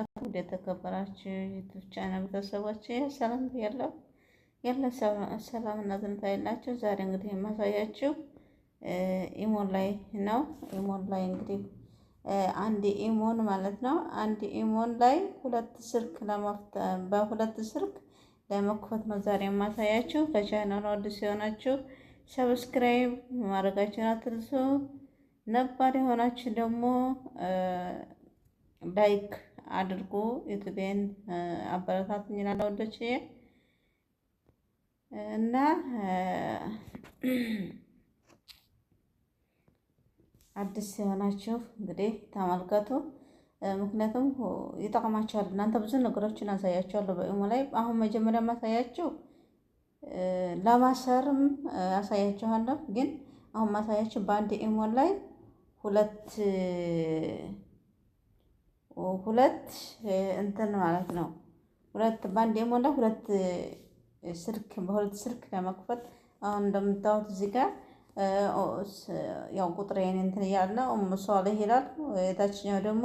አባቱ የተከበራችሁ ዩቱብ ቻናል ቤተሰቦች ሰላም ያለው ያለ ሰላም እና ዝምታ የላችሁ። ዛሬ እንግዲህ የማሳያችሁ ኢሞን ላይ ነው። ኢሞን ላይ እንግዲህ አንድ ኢሞን ማለት ነው። አንድ ኢሞን ላይ ሁለት ስልክ በሁለት ስልክ ለመክፈት ነው ዛሬ የማሳያችሁ። ለቻናሉ አዲስ የሆናችሁ ሰብስክራይብ ማድረጋችሁን አትርሱ። ነባር የሆናችሁ ደግሞ ላይክ አድርጉ። ዩቱቤን አበረታቱኝ እላለሁ ወዶቼ እና አዲስ የሆናችሁ እንግዲህ ተመልከቱ። ምክንያቱም ይጠቅማቸዋል። እናንተ ብዙ ነገሮችን አሳያቸዋለሁ በኢሞ ላይ። አሁን መጀመሪያ ማሳያችሁ ለማሰርም አሳያችኋለሁ፣ ግን አሁን ማሳያችሁ በአንድ ኢሞ ላይ ሁለት ሁለት እንትን ማለት ነው። ሁለት ባንድ የሞላ ሁለት ስልክ በሁለት ስልክ ለመክፈት አሁን እንደምታዩት እዚህ ጋር ያው ቁጥር ይሄን እንትን እያለ ኡሙ ሷሊህ ይላል። የታችኛው ደግሞ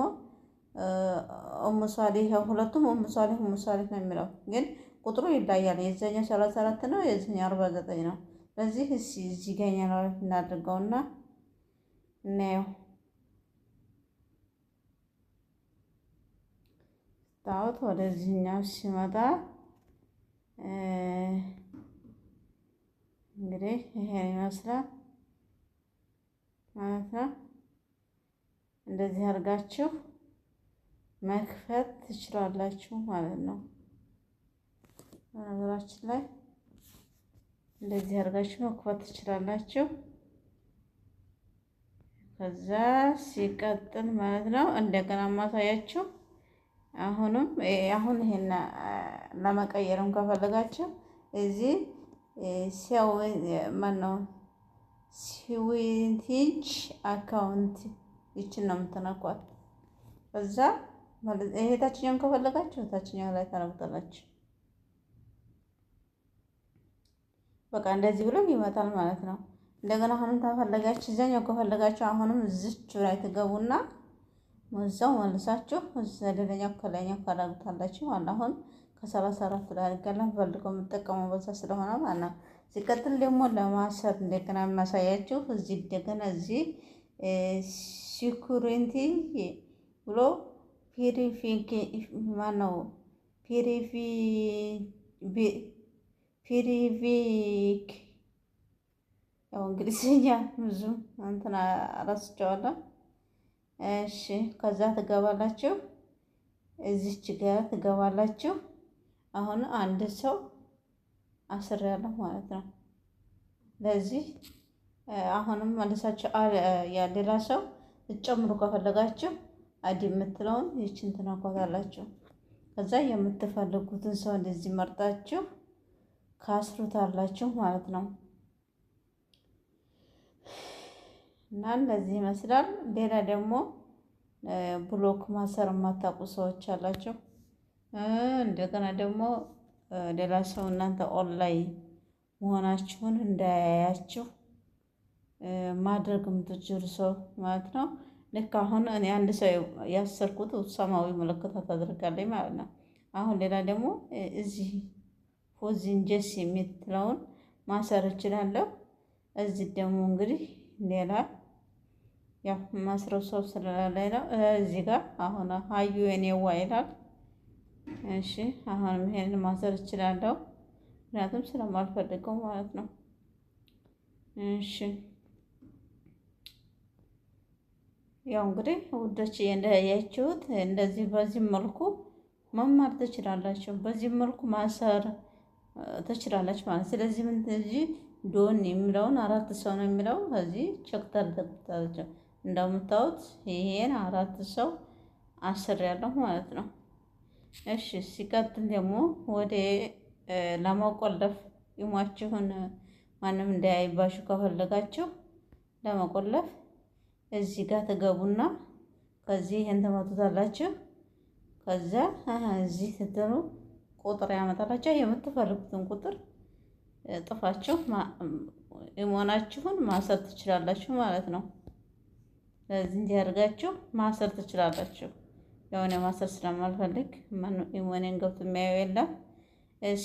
ኡሙ ሷሊህ ሁለቱም ኡሙ ሷሊህ ኡሙ ሷሊህ ነው የሚለው ግን ቁጥሩ ይለያል። የዚህኛው 34 አራት ነው፣ የዚህኛው አርባ ነው። ስለዚህ እዚህ ጋር እናድርገውና እናየው። ሲያወጣሁት ወደዚህኛው ሲመጣ እንግዲህ ይሄን ይመስላል ማለት ነው። እንደዚህ አድርጋችሁ መክፈት ትችላላችሁ ማለት ነው። በነገራችን ላይ እንደዚህ አድርጋችሁ መክፈት ትችላላችሁ። ከዛ ሲቀጥል ማለት ነው እንደገና ማሳያችሁ አሁንም አሁን ይሄን ለመቀየርም ከፈለጋችሁ እዚህ ሲያው ማነው ሲዊንቲጅ አካውንት ይችን ነው የምትነኳት። እዛ ይሄ ታችኛውን ከፈለጋችሁ ታችኛው ላይ ታነኩታላችሁ። በቃ እንደዚህ ብሎ ይመጣል ማለት ነው። እንደገና አሁንም ታፈለጋችሁ እዛኛው ከፈለጋችሁ አሁንም ዝች ላይ ትገቡና እዛው መልሳችሁ እዛ ደለኛው ከላይኛው ካላሉታላችሁ ማለት አሁን ከሰላሳ አራት ላይ አድርገን ፈልገው የምጠቀመው በዛ ስለሆነ ማለት ነው። ሲቀጥል ደግሞ ለማሰር እንደገና የሚያሳያችሁ እዚህ እንደገና እዚህ ሲኩሪንቲ ብሎ ፒሪፊንግ ማነው ፒሪቪክ ያው እንግሊዝኛ ብዙ እንትና አረስቸዋለሁ እሺ ከዛ ትገባላችሁ፣ እዚች ጋር ትገባላችሁ። አሁን አንድ ሰው አስሬያለሁ ማለት ነው። ለዚህ አሁንም መልሳችሁ ሌላ ሰው ልጨምሩ ከፈለጋችሁ አዲ የምትለውን ይችን ትነኳታላችሁ። ከዛ የምትፈልጉትን ሰው እንደዚህ መርጣችሁ ካስሩታላችሁ ማለት ነው። እና እንደዚህ ይመስላል። ሌላ ደግሞ ብሎክ ማሰር የማታውቁ ሰዎች አላቸው። እንደገና ደግሞ ሌላ ሰው እናንተ ኦንላይን መሆናችሁን እንዳያያችሁ ማድረግ የምትችሉ ሰው ማለት ነው። ልክ አሁን እኔ አንድ ሰው ያሰርኩት ሰማያዊ ምልክታ ታደርጋለኝ ማለት ነው። አሁን ሌላ ደግሞ እዚህ ጀስ የምትለውን ማሰር እችላለሁ። እዚህ ደግሞ እንግዲህ ሌላ ያው ማስረው ሰው ስለሌለ እዚህ ጋር አሁን አዩ የኔ ዋ ይላል። እሺ አሁን ይሄን ማሰር እችላለሁ፣ ምክንያቱም ስለማልፈልገው ማለት ነው። እሺ ያው እንግዲህ ውዶች እንዳያችሁት እንደዚህ በዚህ መልኩ መማር ትችላላችሁ፣ በዚህ መልኩ ማሰር ትችላላችሁ ማለት ስለዚህ ምን እንጂ ዶን የሚለውን አራት ሰው ነው የሚለው እዚህ ቸክተር ታደርጉታላችሁ። እንደምታዩት ይሄን አራት ሰው አስር ያለው ማለት ነው። እሺ ሲቀጥል ደግሞ ወደ ለመቆለፍ ይሟችሁን ማንም እንዳያይባችሁ ከፈለጋችሁ ለመቆለፍ እዚህ ጋር ትገቡና ከዚህ ይሄን ትመቱታላችሁ። ከዛ እዚህ ትትሉ ቁጥር ያመጣላችሁ። የምትፈልጉትን ቁጥር ጥፋችሁ ኢሞናችሁን ማሰብ ትችላላችሁ ማለት ነው። ለዚህ እንዲህ አድርጋችሁ ማሰር ትችላላችሁ። የሆነ ማሰር ስለማልፈልግ ወኔን ገብቶ የሚያየው የለም።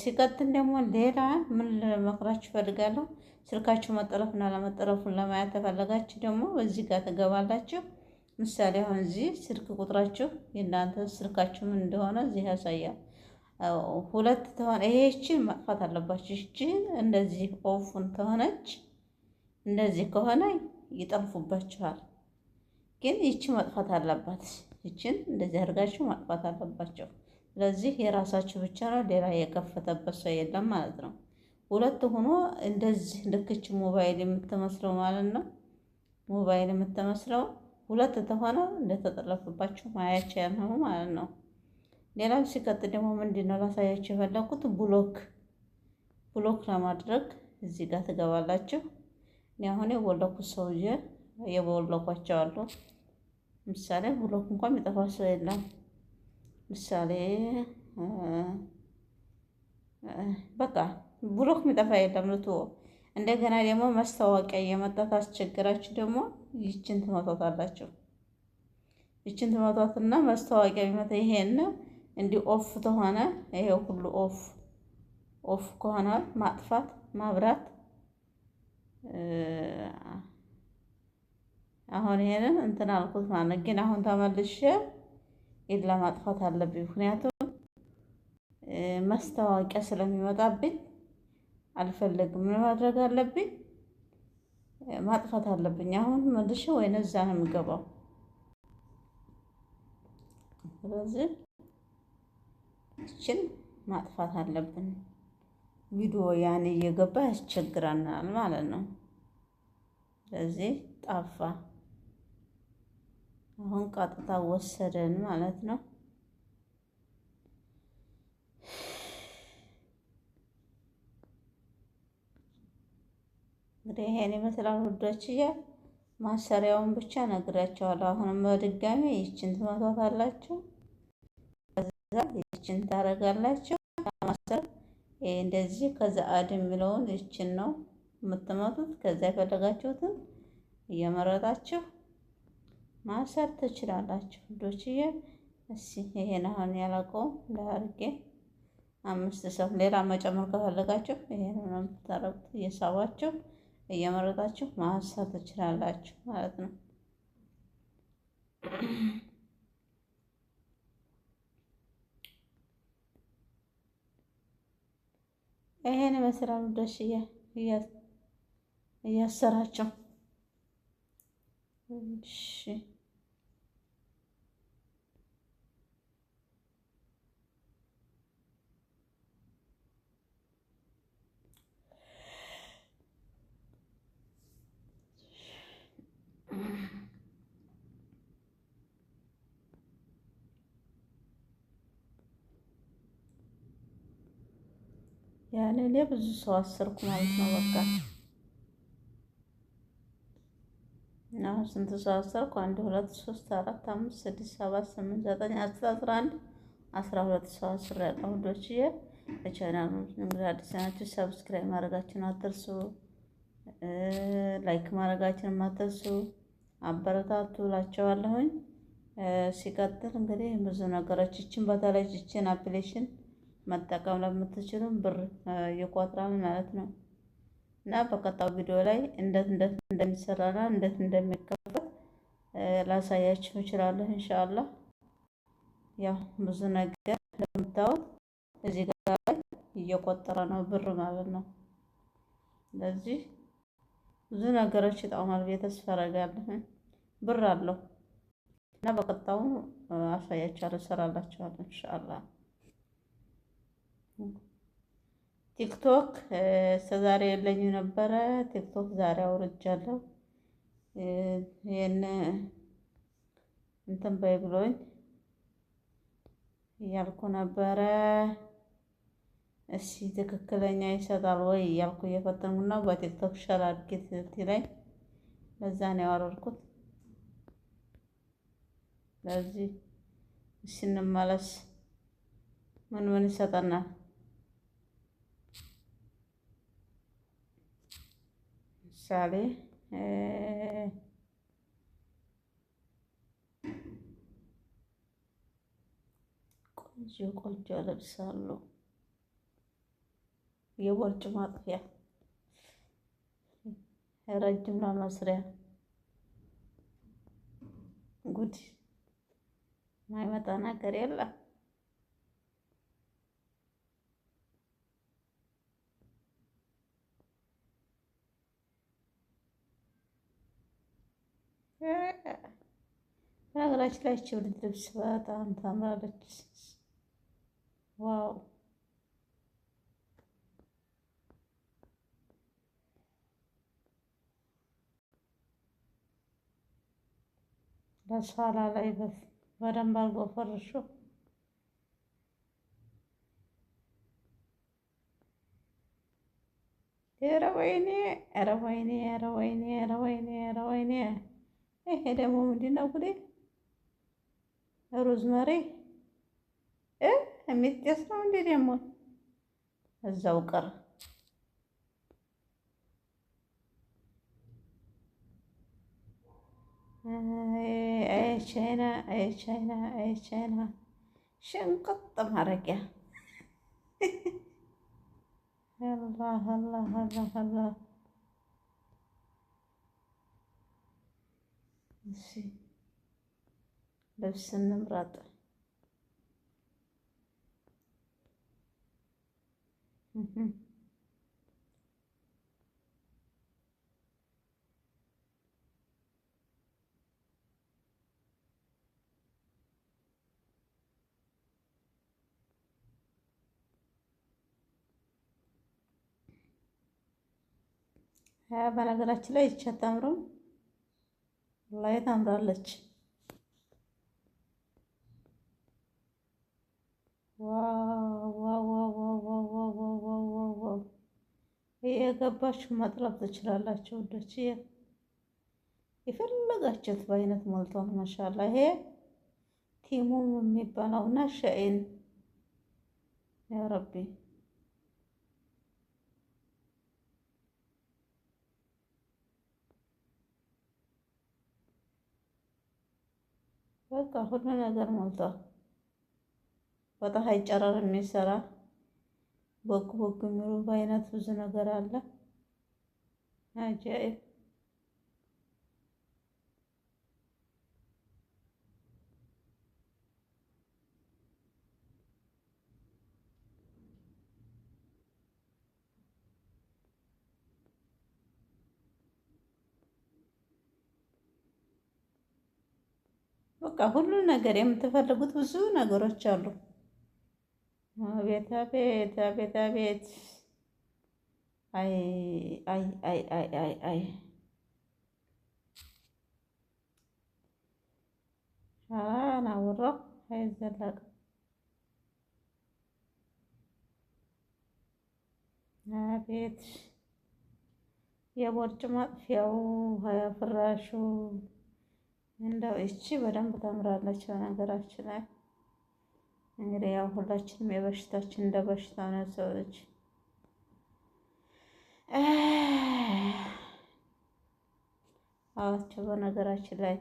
ሲቀጥል ደግሞ ሌላ ምን ለመክራችሁ ይፈልጋለሁ። ስልካችሁ መጠረፍና ለመጠረፉን ለማየት ተፈለጋችሁ ደግሞ በዚህ ጋር ትገባላችሁ። ምሳሌ አሁን እዚህ ስልክ ቁጥራችሁ የእናንተ ስልካችሁ ምን እንደሆነ እዚህ ያሳያል። ሁለት ተሆነ ይሄችን ማጥፋት አለባችሁ። ይቺ እንደዚህ ኦፉን ተሆነች እንደዚህ ከሆነ ይጠልፉባችኋል። ግን ይቺ መጥፋት አለባት። ይችን እንደዚህ አድርጋችሁ ማጥፋት አለባቸው። ስለዚህ የራሳችሁ ብቻ ነው፣ ሌላ የከፈተበት ሰው የለም ማለት ነው። ሁለት ሆኖ እንደዚህ ልክች ሞባይል የምትመስለው ማለት ነው። ሞባይል የምትመስለው ሁለት ተሆነ እንደተጠለፈባችሁ ማያቸው ያልሆኑ ማለት ነው። ሌላው ሲቀጥል ደግሞ ምንድን ነው ላሳያችሁ የፈለኩት ብሎክ ብሎክ ለማድረግ እዚህ ጋር ትገባላችሁ። እኔ አሁን የቦለኩት ሰውዬ የቦለኳቸው አሉ ምሳሌ ብሎክ እንኳን የሚጠፋ ሰው የለም። ምሳሌ በቃ ብሎክ የሚጠፋ የለም። ልቶ እንደገና ደግሞ ማስታወቂያ የመጣት አስቸገራችሁ ደግሞ ይችን ትመቷት አላቸው። ይችን ትመቷትና ማስታወቂያ ቢመታ ይሄን እንዲህ ኦፍ ተሆነ ይሄ ሁሉ ኦፍ ኦፍ ከሆነ ማጥፋት ማብራት አሁን ይሄንን እንትን አልኩት ማለት ግን አሁን ተመልሼ ኢድ ለማጥፋት አለብኝ። ምክንያቱም ማስታወቂያ ስለሚመጣብኝ አልፈለግም። ምን ማድረግ አለብኝ? ማጥፋት አለብኝ። አሁን መልሼ ወይን እዛ ነው የሚገባው። ስለዚህ እችን ማጥፋት አለብን። ቪዲዮ ያኔ እየገባ ያስቸግረናል ማለት ነው። ስለዚህ ጠፋ። አሁን ቀጥታ ወሰደን ማለት ነው። እንግዲህ ይሄን ይመስላል ውዶችዬ። ማሰሪያውን ብቻ ነግራቸዋለሁ። አሁንም በድጋሚ ይችን ትመቷታላችሁ፣ ከዛ ይችን ታረጋላችሁ። ማሰር እንደዚህ ከዛ አድ የሚለውን ይችን ነው የምትመቱት። ከዛ የፈለጋችሁትን እየመረጣችሁ ማሰር ትችላላችሁ ውዶችዬ። እስኪ ይሄን አሁን ያላቀው ለአርጌ አምስት ሰው ሌላ መጨመር ከፈለጋችሁ ይሄን ነው የምታረጉት። እየሳባችሁ እየመረጣችሁ ማብሰል ትችላላችሁ ማለት ነው። ይሄን ይመስላል ውዶችዬ እያሰራቸው? እሺ ያኔ ለብዙ ሰው አሰርኩ ማለት ነው። በቃ እና አሁን ስንት ሰው አሰርኩ? አንድ ሁለት ሶስት አራት አምስት ስድስት ሰባት ስምንት ዘጠኝ አስር አስራ አንድ አስራ ሁለት ሰው አስር ያለው ሁዶችዬ ለቻናሉ እንግዲህ አዲስ ናችሁ፣ ሰብስክራይብ ማድረጋችሁን አትርሱ፣ ላይክ ማድረጋችሁን አትርሱ። አበረታቱ ላቸዋለሁኝ። ሲቀጥል እንግዲህ ብዙ ነገሮች ይችን በተለይ ይችን አፕሌሽን መጠቀም ለምትችሉም ብር የቆጥራል ማለት ነው። እና በቀጣው ቪዲዮ ላይ እንደት እንደት እንደሚሰራና እንደት እንደሚከፈት ላሳያችሁ እችላለሁ። እንሻላ ያው ብዙ ነገር እንደምታዩት እዚህ ጋር ላይ እየቆጠረ ነው ብር ማለት ነው። ስለዚህ ብዙ ነገሮች ይጣማል ብዬ ተስፋ አደርጋለሁ። ብር አለው እና በቀጣው አሳያችኋለሁ፣ እሰራላችኋለሁ እንሻላ ቲክቶክ እስከዛሬ የለኝ ነበረ። ቲክቶክ ዛሬ አውርጃለሁ። ይህን እንትን በይ ብሎኝ እያልኩ ነበረ። እሺ ትክክለኛ ይሰጣል ወይ እያልኩ እየፈተንኩ ነው። በቲክቶክ ሸር አድርጊት ስትለኝ በዛ ነው ያወረድኩት። ለዚህ እሺ እንመለስ። ምን ምን ይሰጠናል? ለምሳሌ ቆንጆ ቆንጆ ለብሳሉ የቦርጭ ማጥፊያ ረጅም ለመስሪያ ጉድ ማይመጣ ነገር የለም። በነገራችን ላይ ልጅ ልብስ በጣም ታምራለች። ዋው በሷላ ላይ በደንብ አርጎ ፈርሾ ኧረ ወይኔ ኧረ ወይኔ ኧረ ወይኔ ኧረ ወይኔ ኧረ ወይኔ ይሄ ደግሞ ምንድን ነው ጉዴ? ሮዝመሪ እ የሚጤስ ነው እንዴ? ደግሞ እዛው ቅር ቻይና ቻይና ቻይና ሽንቅጥ ማረጊያ አላህ አላህ አላህ አላህ እሺ ልብስ እንምረጥ። በነገራችን ላይ ይቻታምሩም ላይ ታምራለች። ዋው የገባችሁ መጥለብ ትችላላችሁ ውዶች። የፈለጋችሁት በአይነት ሞልቷል። ማሻላ ይሄ ቲሙም የሚባለው እና ሸኢን ያረቢ በቃ ሁሉ ነገር ሞልቷል። በፀሐይ ጨረር የሚሰራ ቦግ ቦግ የሚሉ አይነት ብዙ ነገር አለ አጃኢብ ሁሉ ነገር የምትፈልጉት ብዙ ነገሮች አሉ። አቤት አቤት አቤት አቤት! አይ አይ አይ አይ አይ ናውራው አይዘለቅ አቤት የቦርጭ ማጥፊያው ፍራሹ እንደው እቺ በደንብ ታምራለች። በነገራችን ላይ እንግዲህ ያው ሁላችንም የበሽታችን እንደ በሽታ ነው። ሰዎች አዋቸው በነገራችን ላይ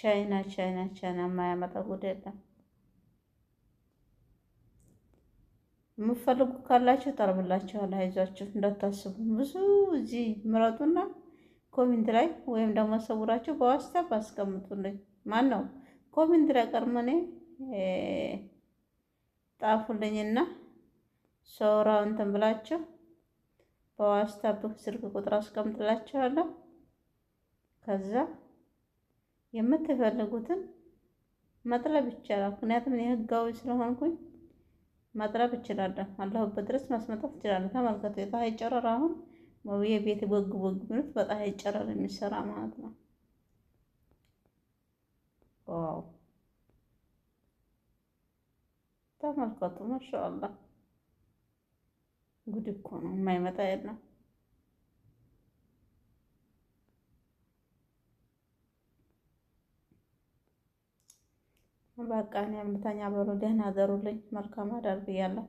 ቻይና ቻይና ቻይና የማያመጣ ጉድ የለም። የምፈልጉ ካላችሁ ጠርብላችኋል። አይዟችሁ እንዳታስቡ ብዙ እዚህ ምረጡና ኮሜንት ላይ ወይም ደግሞ ሰውራችሁ በዋትስአፕ አስቀምጡልኝ። ማን ነው ኮሜንት ላይ ቀርመኔ ጣፉልኝና ሰውራው እንትን ብላችሁ በዋትስአፕ ስልክ ቁጥር አስቀምጥላችኋለሁ። ከዛ የምትፈልጉትን መጥለብ ይቻላል። ምክንያቱም እኔ ህጋዊ ስለሆንኩኝ መጥለብ እችላለሁ። አለሁበት ድረስ ማስመጣት እችላለሁ። ተመልከቱ የፀሐይ ጨረር አሁን ሞብዬ የቤት ወግ ወግ ምርት በጣም ያጨራል የሚሰራ ማለት ነው። ዋው ተመልከቱ። ማሻአላ ጉድ እኮ ነው፣ የማይመጣ የለም። በቃ እኔ ምተኛ በሉ። ደህና አደሩልኝ። መልካም አዳር ብያለሁ።